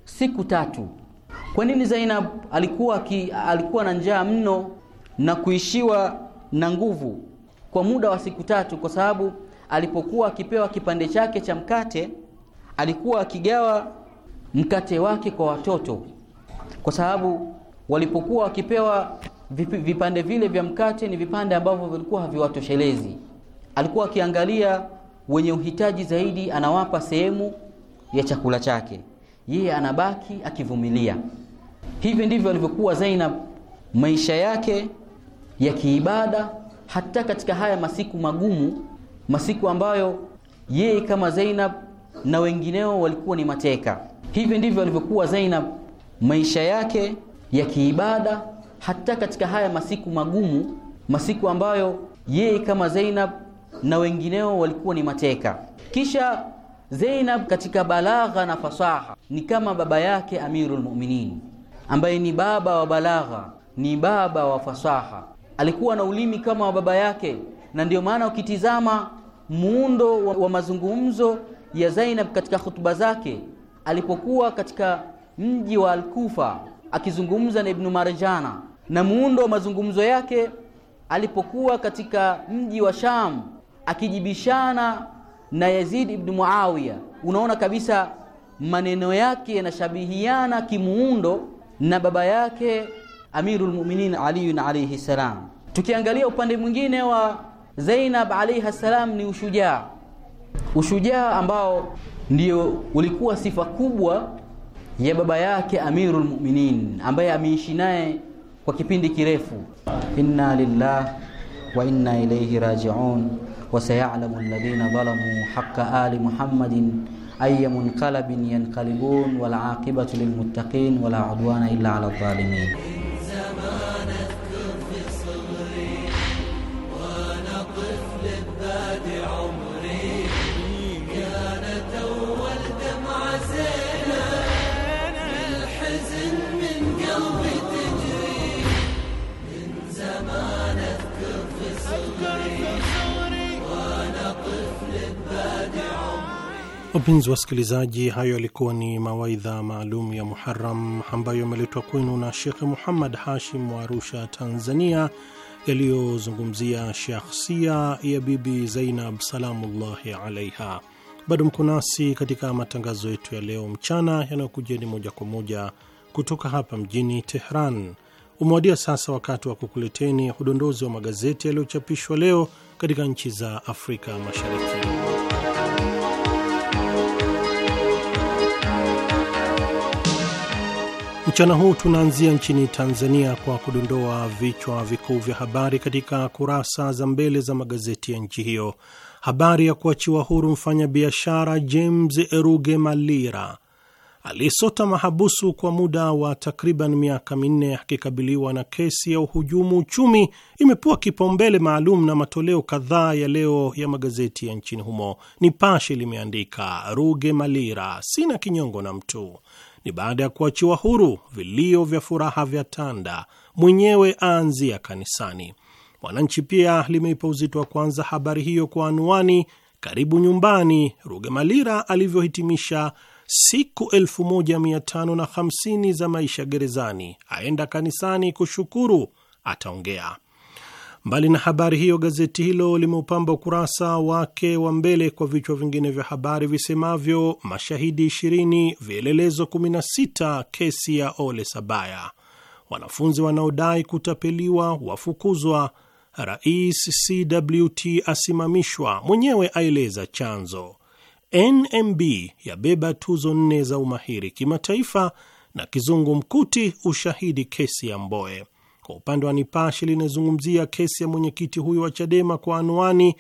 siku tatu. Kwa nini Zainab alikuwa ki, alikuwa na njaa mno na kuishiwa na nguvu kwa muda wa siku tatu? Kwa sababu alipokuwa akipewa kipande chake cha mkate alikuwa akigawa mkate wake kwa watoto, kwa sababu walipokuwa wakipewa vipande vile vya mkate ni vipande ambavyo vilikuwa haviwatoshelezi. Alikuwa akiangalia wenye uhitaji zaidi, anawapa sehemu ya chakula chake, yeye anabaki akivumilia. Hivi ndivyo alivyokuwa Zainab maisha yake ya kiibada, hata katika haya masiku magumu masiku ambayo yeye kama Zainab na wengineo walikuwa ni mateka. Hivi ndivyo alivyokuwa Zainab maisha yake ya kiibada, hata katika haya masiku magumu, masiku ambayo yeye kama Zainab na wengineo walikuwa ni mateka. Kisha Zainab katika balagha na fasaha ni kama baba yake Amirul Mu'minin, ambaye ni baba wa balagha, ni baba wa fasaha. Alikuwa na ulimi kama wa baba yake na ndio maana ukitizama muundo wa, wa mazungumzo ya Zainab katika hutuba zake alipokuwa katika mji wa Al-Kufa akizungumza na Ibn Marjana na muundo wa mazungumzo yake alipokuwa katika mji wa Sham akijibishana na Yazid ibn Muawiya, unaona kabisa maneno yake yanashabihiana kimuundo na baba yake Amirul Mu'minin Ali alayhi salam. Tukiangalia upande mwingine wa Zainab alaiha salam ni ushujaa, ushujaa ambao ndio ulikuwa sifa kubwa ya baba yake Amirul Mu'minin ambaye ameishi naye kwa kipindi kirefu. Inna lillah wa inna ilayhi raji'un wa sayalamu alladhina dhalamu haqqa ali Muhammadin ayya munqalabin yanqalibun wal aqibatu lilmuttaqin wala udwana illa ala dhalimin. Wapenzi wasikilizaji, hayo yalikuwa ni mawaidha maalum ya Muharam ambayo yameletwa kwenu na Shekhe Muhammad Hashim wa Arusha, Tanzania, yaliyozungumzia shakhsia ya Bibi Zainab salamullahi alaiha. Bado mko nasi katika matangazo yetu ya leo mchana yanayokujeni moja kwa moja kutoka hapa mjini Tehran. Umewadia sasa wakati wa kukuleteni udondozi wa magazeti yaliyochapishwa leo katika nchi za Afrika Mashariki. Mchana huu tunaanzia nchini Tanzania kwa kudondoa vichwa vikuu vya habari katika kurasa za mbele za magazeti ya nchi hiyo. Habari ya kuachiwa huru mfanyabiashara James Eruge Malira aliyesota mahabusu kwa muda wa takriban miaka minne akikabiliwa na kesi ya uhujumu uchumi imepewa kipaumbele maalum na matoleo kadhaa ya leo ya magazeti ya nchini humo. Nipashe limeandika Ruge Malira, sina kinyongo na mtu ni baada ya kuachiwa huru, vilio vya furaha vya tanda, mwenyewe aanzia kanisani. Mwananchi pia limeipa uzito wa kwanza habari hiyo kwa anwani karibu nyumbani, Rugemalira alivyohitimisha siku 1550 za maisha gerezani, aenda kanisani kushukuru, ataongea. Mbali na habari hiyo, gazeti hilo limeupamba ukurasa wake wa mbele kwa vichwa vingine vya habari visemavyo: mashahidi 20, vielelezo 16, kesi ya Ole Sabaya, wanafunzi wanaodai kutapeliwa wafukuzwa, rais CWT asimamishwa, mwenyewe aeleza chanzo, NMB yabeba tuzo nne za umahiri kimataifa, na kizungu mkuti ushahidi kesi ya Mboe. Kwa upande wa Nipashe linazungumzia kesi ya mwenyekiti huyo wa Chadema kwa anwani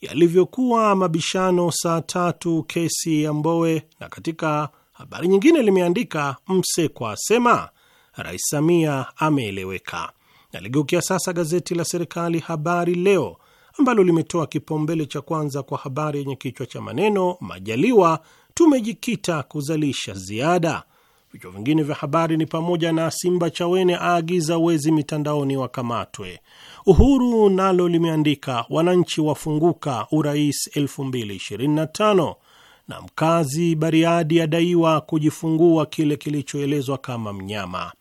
yalivyokuwa mabishano saa tatu kesi ya Mbowe, na katika habari nyingine limeandika Msekwa asema Rais Samia ameeleweka. Naligeukia sasa gazeti la serikali Habari Leo ambalo limetoa kipaumbele cha kwanza kwa habari yenye kichwa cha maneno Majaliwa tumejikita kuzalisha ziada. Vichwa vingine vya habari ni pamoja na Simba Chawene aagiza wezi mitandaoni wakamatwe. Uhuru nalo limeandika wananchi wafunguka urais 2025 na mkazi Bariadi adaiwa kujifungua kile kilichoelezwa kama mnyama.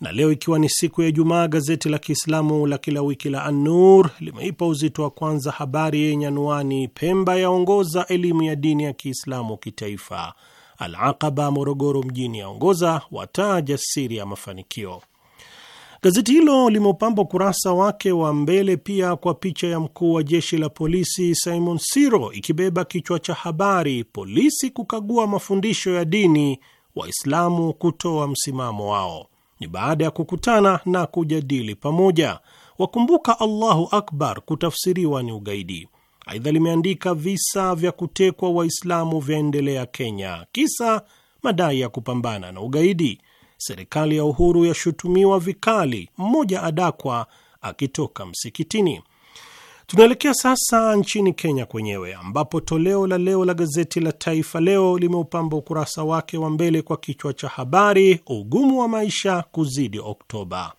Na leo ikiwa ni siku ya Ijumaa, gazeti la Kiislamu la kila wiki la An-Nur limeipa uzito wa kwanza habari yenye anwani Pemba yaongoza elimu ya dini ya Kiislamu kitaifa. Alaqaba, Morogoro mjini aongoza, wataja siri ya mafanikio. Gazeti hilo limeupamba ukurasa wake wa mbele pia kwa picha ya mkuu wa jeshi la polisi Simon Siro ikibeba kichwa cha habari, polisi kukagua mafundisho ya dini, Waislamu kutoa msimamo wao. Ni baada ya kukutana na kujadili pamoja, wakumbuka Allahu akbar kutafsiriwa ni ugaidi. Aidha limeandika visa vya kutekwa Waislamu vyaendelea Kenya, kisa madai ya kupambana na ugaidi. Serikali ya Uhuru yashutumiwa vikali, mmoja adakwa akitoka msikitini. Tunaelekea sasa nchini Kenya kwenyewe ambapo toleo la leo la gazeti la Taifa Leo limeupamba ukurasa wake wa mbele kwa kichwa cha habari, ugumu wa maisha kuzidi Oktoba.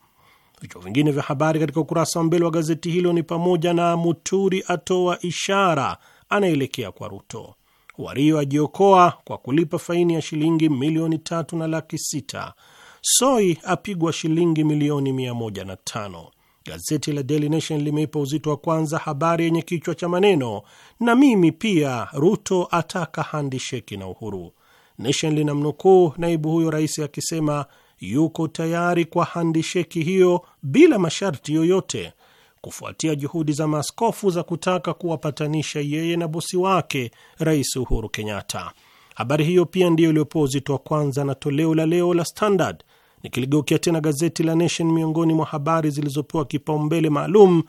Vichwa vingine vya habari katika ukurasa wa mbele wa gazeti hilo ni pamoja na Muturi atoa ishara anaelekea kwa Ruto, Wario ajiokoa kwa kulipa faini ya shilingi milioni tatu na laki sita, Soi apigwa shilingi milioni mia moja na tano. Gazeti la Daily Nation limeipa uzito wa kwanza habari yenye kichwa cha maneno na mimi pia, Ruto ataka handisheki na Uhuru. Nation linamnukuu naibu huyo rais akisema yuko tayari kwa handisheki hiyo bila masharti yoyote, kufuatia juhudi za maaskofu za kutaka kuwapatanisha yeye na bosi wake Rais Uhuru Kenyatta. Habari hiyo pia ndiyo iliyopewa uzito wa kwanza na toleo la leo la Standard. Nikiligeukia tena gazeti la Nation, miongoni mwa habari zilizopewa kipaumbele maalum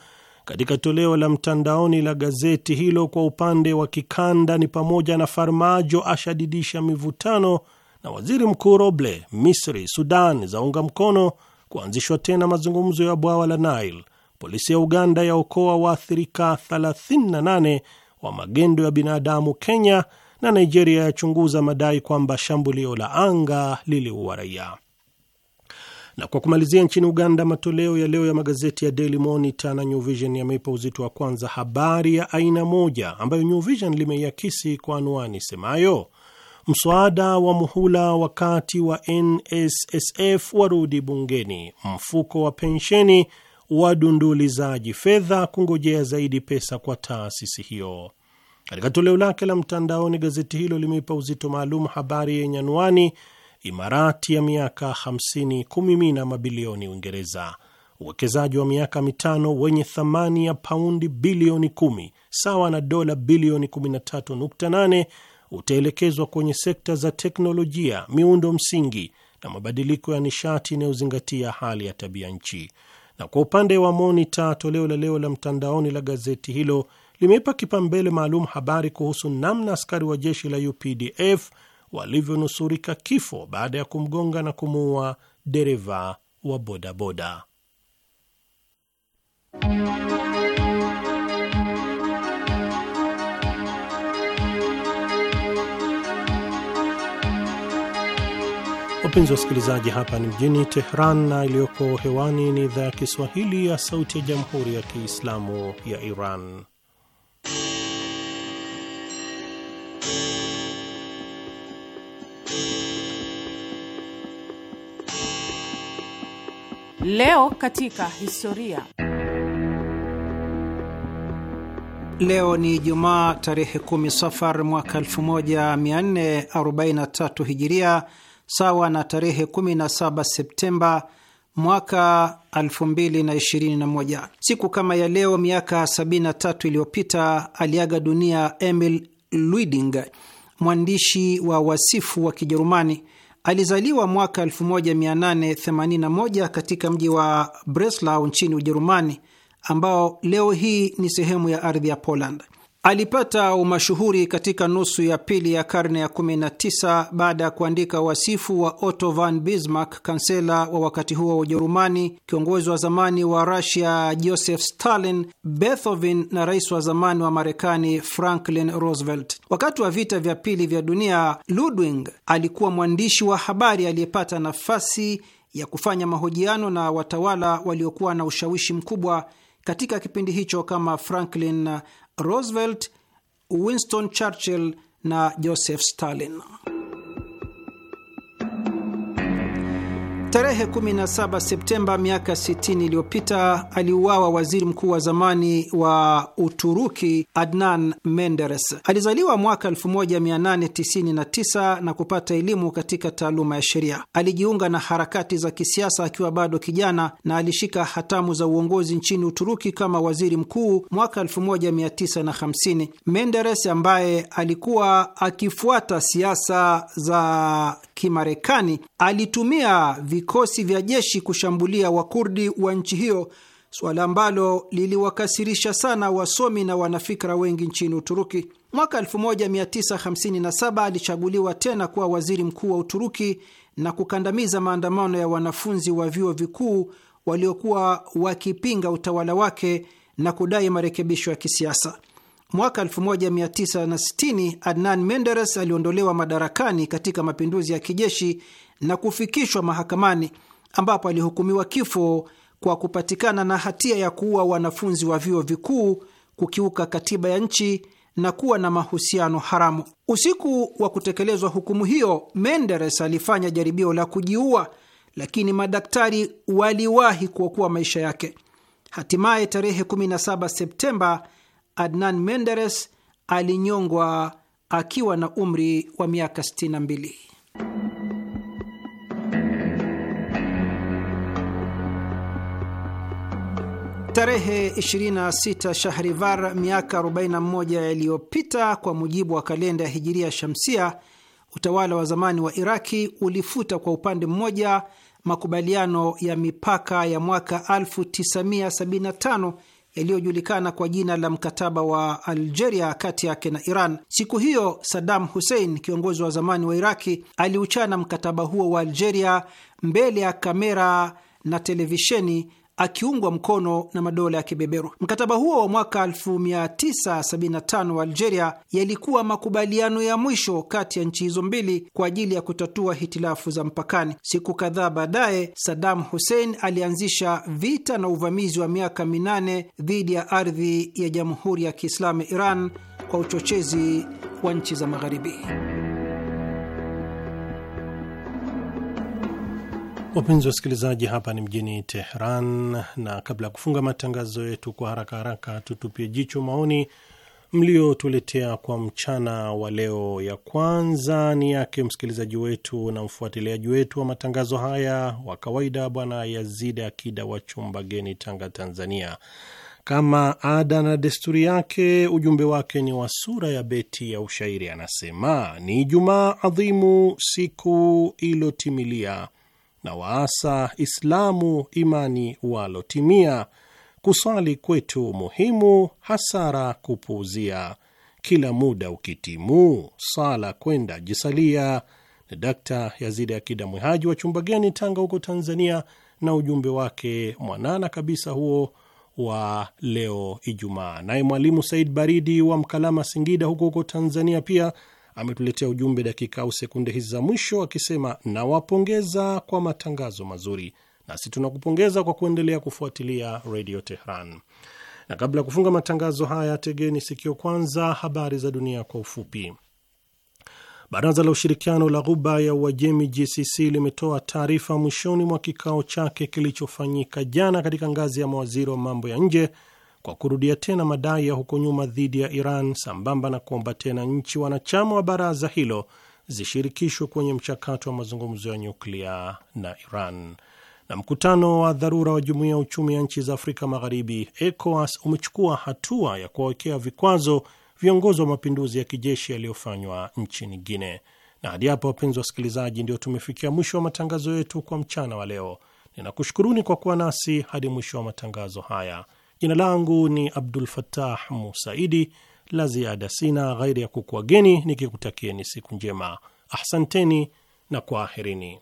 katika toleo la mtandaoni la gazeti hilo kwa upande wa kikanda ni pamoja na Farmajo ashadidisha mivutano na waziri mkuu Roble, Misri, Sudan zaunga mkono kuanzishwa tena mazungumzo ya bwawa la Nile. Polisi ya Uganda yaokoa waathirika 38 wa magendo ya binadamu Kenya, na Nigeria yachunguza madai kwamba shambulio la anga liliua raia. Na kwa kumalizia, nchini Uganda, matoleo ya leo ya magazeti ya Daily Monitor na New Vision yameipa uzito wa kwanza habari ya aina moja ambayo New Vision limeiakisi kwa anwani semayo mswada wa muhula wakati wa NSSF warudi bungeni, mfuko wa pensheni wadundulizaji fedha kungojea zaidi pesa kwa taasisi hiyo. Katika toleo lake la mtandaoni, gazeti hilo limeipa uzito maalum habari yenye anwani Imarati ya miaka 50 kumimina mabilioni Uingereza. Uwekezaji wa miaka mitano wenye thamani ya paundi bilioni 10 sawa na dola bilioni 13.8 utaelekezwa kwenye sekta za teknolojia, miundo msingi na mabadiliko ya nishati inayozingatia hali ya tabia nchi. Na kwa upande wa Monita, toleo la leo la mtandaoni la gazeti hilo limeipa kipaumbele maalum habari kuhusu namna askari wa jeshi la UPDF walivyonusurika kifo baada ya kumgonga na kumuua dereva wa bodaboda. Wapenzi wasikilizaji, hapa ni mjini Tehran na iliyoko hewani ni idhaa ya Kiswahili ya Sauti ya Jamhuri ya Kiislamu ya Iran. Leo katika historia. Leo ni Jumaa tarehe 10 Safar mwaka 1443 Hijiria, sawa na tarehe 17 Septemba mwaka 2021. Siku kama ya leo miaka 73 iliyopita aliaga dunia Emil Luiding, mwandishi wa wasifu wa Kijerumani. Alizaliwa mwaka 1881 katika mji wa Breslau nchini Ujerumani, ambao leo hii ni sehemu ya ardhi ya Poland. Alipata umashuhuri katika nusu ya pili ya karne ya 19 baada ya kuandika wasifu wa Otto von Bismarck, kansela wa wakati huo wa Ujerumani, kiongozi wa zamani wa Russia Joseph Stalin, Beethoven na rais wa zamani wa Marekani Franklin Roosevelt. Wakati wa vita vya pili vya dunia, Ludwig alikuwa mwandishi wa habari aliyepata nafasi ya kufanya mahojiano na watawala waliokuwa na ushawishi mkubwa katika kipindi hicho kama Franklin Roosevelt, Winston Churchill na Joseph Stalin. Tarehe 17 Septemba miaka 60 iliyopita aliuawa waziri mkuu wa zamani wa Uturuki Adnan Menderes. Alizaliwa mwaka 1899 na kupata elimu katika taaluma ya sheria. Alijiunga na harakati za kisiasa akiwa bado kijana na alishika hatamu za uongozi nchini Uturuki kama waziri mkuu mwaka 1950. Menderes ambaye alikuwa akifuata siasa za Kimarekani alitumia vikosi vya jeshi kushambulia Wakurdi wa nchi hiyo, suala ambalo liliwakasirisha sana wasomi na wanafikra wengi nchini Uturuki. Mwaka 1957 alichaguliwa tena kuwa waziri mkuu wa Uturuki na kukandamiza maandamano ya wanafunzi wa vyuo vikuu waliokuwa wakipinga utawala wake na kudai marekebisho ya kisiasa. Mwaka 1960 Adnan Menderes aliondolewa madarakani katika mapinduzi ya kijeshi na kufikishwa mahakamani ambapo alihukumiwa kifo kwa kupatikana na hatia ya kuua wanafunzi wa vyuo vikuu, kukiuka katiba ya nchi na kuwa na mahusiano haramu. Usiku wa kutekelezwa hukumu hiyo, Menderes alifanya jaribio la kujiua, lakini madaktari waliwahi kuokoa maisha yake. Hatimaye tarehe 17 Septemba Adnan Menderes alinyongwa akiwa na umri wa miaka 62. Tarehe 26 Shahrivar miaka 41 yaliyopita kwa mujibu wa kalenda ya Hijiria Shamsia, utawala wa zamani wa Iraki ulifuta kwa upande mmoja makubaliano ya mipaka ya mwaka 1975 yaliyojulikana kwa jina la mkataba wa Algeria kati yake na Iran. Siku hiyo Saddam Hussein, kiongozi wa zamani wa Iraki, aliuchana mkataba huo wa Algeria mbele ya kamera na televisheni akiungwa mkono na madola ya kibeberu. Mkataba huo wa mwaka 1975 wa Algeria yalikuwa makubaliano ya mwisho kati ya nchi hizo mbili kwa ajili ya kutatua hitilafu za mpakani. Siku kadhaa baadaye, Saddam Hussein alianzisha vita na uvamizi wa miaka minane dhidi ya ardhi ya Jamhuri ya Kiislamu Iran kwa uchochezi wa nchi za Magharibi. Wapenzi wa wasikilizaji, hapa ni mjini Teheran, na kabla ya kufunga matangazo yetu kwa haraka haraka, tutupie jicho maoni mliotuletea kwa mchana wa leo. Ya kwanza ni yake msikilizaji wetu na mfuatiliaji wetu wa matangazo haya wa kawaida, Bwana Yazidi Akida wa chumba geni, Tanga, Tanzania. Kama ada na desturi yake, ujumbe wake ni wa sura ya beti ya ushairi. Anasema ni Ijumaa adhimu, siku ilotimilia na waasa Islamu imani walotimia. Kuswali kwetu muhimu, hasara kupuuzia. Kila muda ukitimuu, sala kwenda jisalia. Ni Dakta Yazidi Akida Mwihaji wa chumba geni, Tanga huko Tanzania, na ujumbe wake mwanana kabisa huo wa leo Ijumaa. Naye mwalimu Said Baridi wa Mkalama, Singida huko huko Tanzania pia ametuletea ujumbe dakika au sekunde hizi za mwisho akisema, nawapongeza kwa matangazo mazuri. Nasi tunakupongeza kwa kuendelea kufuatilia redio Tehran. Na kabla ya kufunga matangazo haya, tegeni sikio kwanza habari za dunia kwa ufupi. Baraza la ushirikiano la Ghuba ya Uajemi, GCC, limetoa taarifa mwishoni mwa kikao chake kilichofanyika jana katika ngazi ya mawaziri wa mambo ya nje kwa kurudia tena madai ya huko nyuma dhidi ya Iran sambamba na kuomba tena nchi wanachama wa baraza hilo zishirikishwe kwenye mchakato wa mazungumzo ya nyuklia na Iran. Na mkutano wa dharura wa Jumuiya ya Uchumi ya Nchi za Afrika Magharibi, ECOWAS, umechukua hatua ya kuwawekea vikwazo viongozi wa mapinduzi ya kijeshi yaliyofanywa nchini Guine. Na hadi hapo, wapenzi wa wasikilizaji, ndio tumefikia mwisho wa matangazo yetu kwa mchana wa leo. Ninakushukuruni kwa kuwa nasi hadi mwisho wa matangazo haya. Jina langu ni Abdul Fattah Musaidi. La ziada sina ghairi ya kukuageni nikikutakieni siku njema. Ahsanteni na kwaherini.